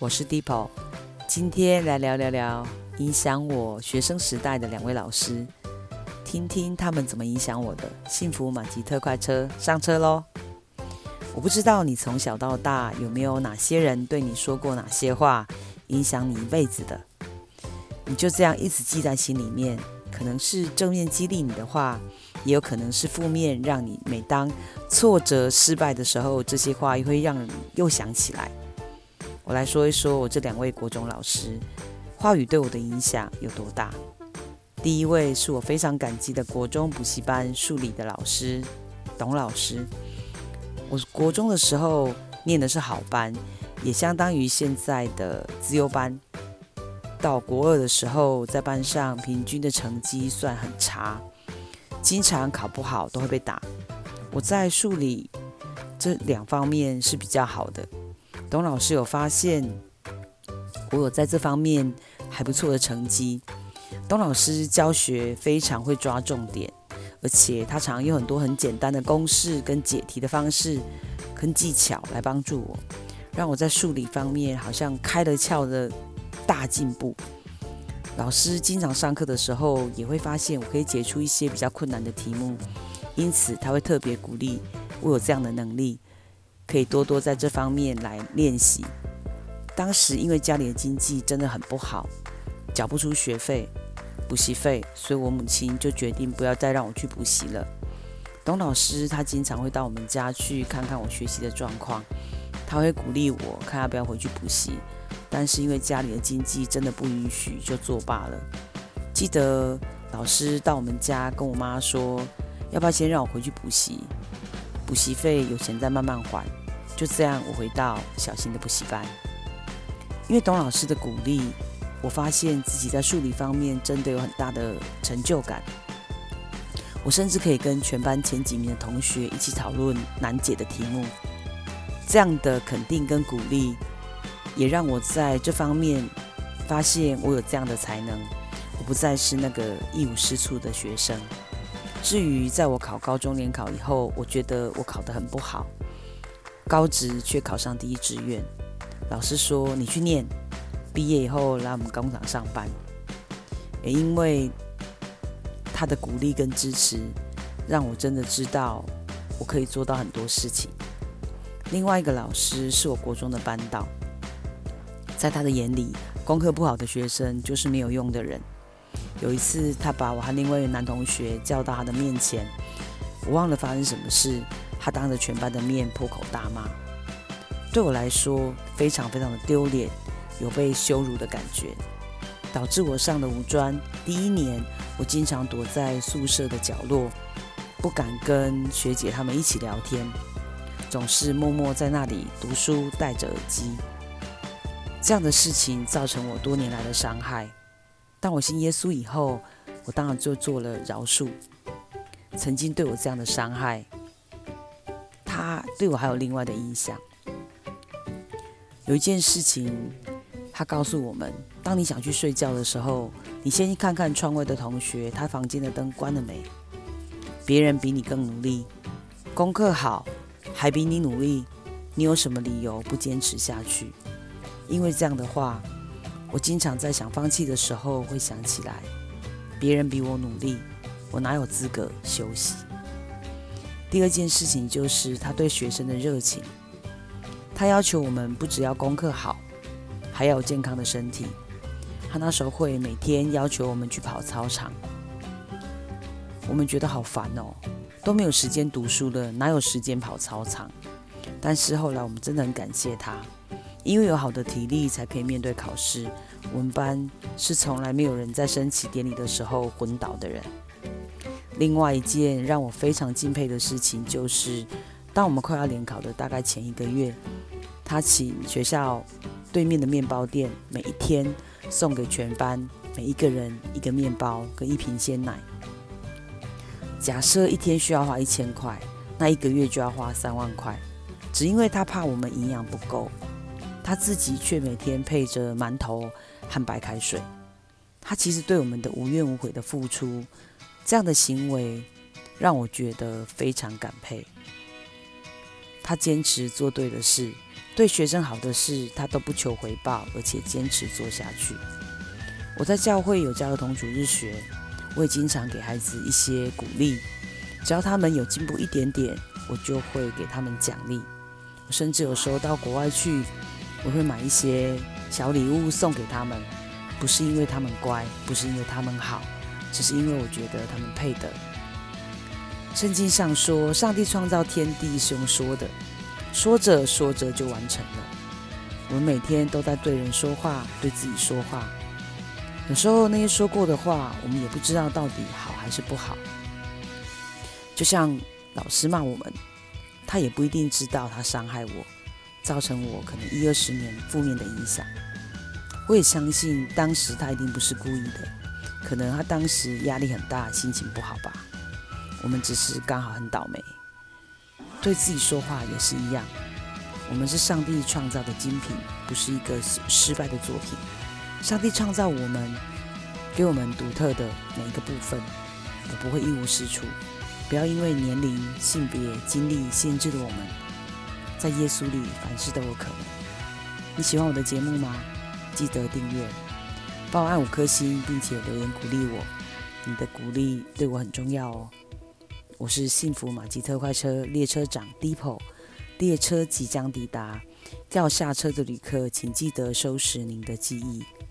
我是 Deepo，今天來聊聊聊影響我學生時代的兩位老師，聽聽他們怎麼影響我的。幸福滿級特快車，上車嘍！我不知道你從小到大有沒有哪些人對你說過哪些話，影響你一輩子的。你就這樣一直記在心裡面，可能是正面激勵你的話，也有可能是負面，讓你每當挫折失敗的時候，這些話又會讓你又想起來。我來說一說，我這兩位國中老師話語對我的影響有多大。第一位是我非常感激的國中補習班數理的老師，董老師。我國中的時候念的是好班，也相當於現在的資優班。到國二的時候，在班上平均的成績算很差，經常考不好都會被打。我在數理這兩方面是比較好的。董老師有發現，我有在這方面還不錯的成績。董老師教學非常會抓重點，而且他常用很多很簡單的公式跟解題的方式跟技巧來幫助我，讓我在數理方面好像開了竅的大進步。老師經常上課的時候也會發現我可以解出一些比較困難的題目，因此他會特別鼓勵我有這樣的能力，可以多多在這方面來練習。當時因為家裡的經濟真的很不好，繳不出學費、補習費，所以我母親就決定不要再讓我去補習了。董老師他經常會到我們家去看看我學習的狀況，他會鼓勵我看要不要回去補習，但是因為家裡的經濟真的不允許，就作罷了。記得老師到我們家跟我媽說，要不要先讓我回去補習？補習費有錢再慢慢還，就這樣我回到小型的補習班，因為董老師的鼓勵，我發現自己在數理方面真的有很大的成就感。我甚至可以跟全班前幾名的同學一起討論難解的題目，這樣的肯定跟鼓勵，也讓我在這方面發現我有這樣的才能，我不再是那個一無是處的學生。至於在我考高中聯考以後，我覺得我考得很不好，高職卻考上第一志願。老師說：“你去念，畢業以後來我們工廠上班。”也因為他的鼓勵跟支持，讓我真的知道我可以做到很多事情。另外一個老師是我國中的班導，在他的眼裡，功課不好的學生就是沒有用的人。有一次，他把我和另外一個男同學叫到他的面前，我忘了發生什麼事，他當着全班的面破口大罵，對我來說非常非常的丟臉，有被羞辱的感覺，導致我上了五專第一年，我經常躲在宿舍的角落，不敢跟學姐他們一起聊天，總是默默在那裡讀書，戴着耳機。這樣的事情造成我多年來的傷害。當我信耶穌以後，我當然就做了饒恕曾經對我這樣的傷害。他對我還有另外的影響。有一件事情，他告訴我們：當你想去睡覺的時候，你先看看窗外的同學，他房間的燈關了沒？別人比你更努力，功課好還比你努力，你有什麼理由不堅持下去？因為這樣的話。我經常在想放棄的時候，會想起來，別人比我努力，我哪有資格休息？第二件事情就是他對學生的熱情，他要求我們不只要功課好，還要有健康的身體。他那時候會每天要求我們去跑操場，我們覺得好煩哦，都沒有時間讀書了，哪有時間跑操場？但是後來我們真的很感謝他。因為有好的體力，才可以面對考試。我們班是從來沒有人在升旗典禮的時候昏倒的人。另外一件讓我非常敬佩的事情，就是當我們快要聯考的大概前一個月，他請學校對面的麵包店，每一天送給全班每一個人一個麵包跟一瓶鮮奶。假設一天需要花一千塊，那一個月就要花三萬塊，只因為他怕我們營養不夠。他自己卻每天配着饅頭和白開水，他其實對我們的無怨無悔的付出，這樣的行為讓我覺得非常感佩。他堅持做對的事，對學生好的事，他都不求回報，而且堅持做下去。我在教會有教兒童主日學，我也經常給孩子一些鼓勵，只要他們有進步一點點，我就會給他們獎勵，甚至有時候到國外去。我會買一些小禮物送給他們，不是因為他們乖，不是因為他們好，只是因為我覺得他們配得。聖經上說，上帝創造天地是用說的，說着說着就完成了。我們每天都在對人說話，對自己說話。有時候那些說過的話，我們也不知道到底好還是不好。就像老師罵我們，他也不一定知道他傷害我。造成我可能一二十年負面的影響。我也相信當時他一定不是故意的，可能他當時壓力很大，心情不好吧。我們只是剛好很倒霉。對自己說話也是一樣，我們是上帝創造的精品，不是一個失失敗的作品。上帝創造我們，給我們獨特的每一個部分，也不會一無是處。不要因為年齡、性別、經歷限制了我們。在耶穌裡，凡事都有可能。你喜歡我的節目嗎？記得訂閱，幫我按五顆星，並且留言鼓勵我。你的鼓勵對我很重要哦。我是幸福瑪吉特快車列車長 Dipo，列車即將抵達，要下車的旅客，請記得收拾您的記憶。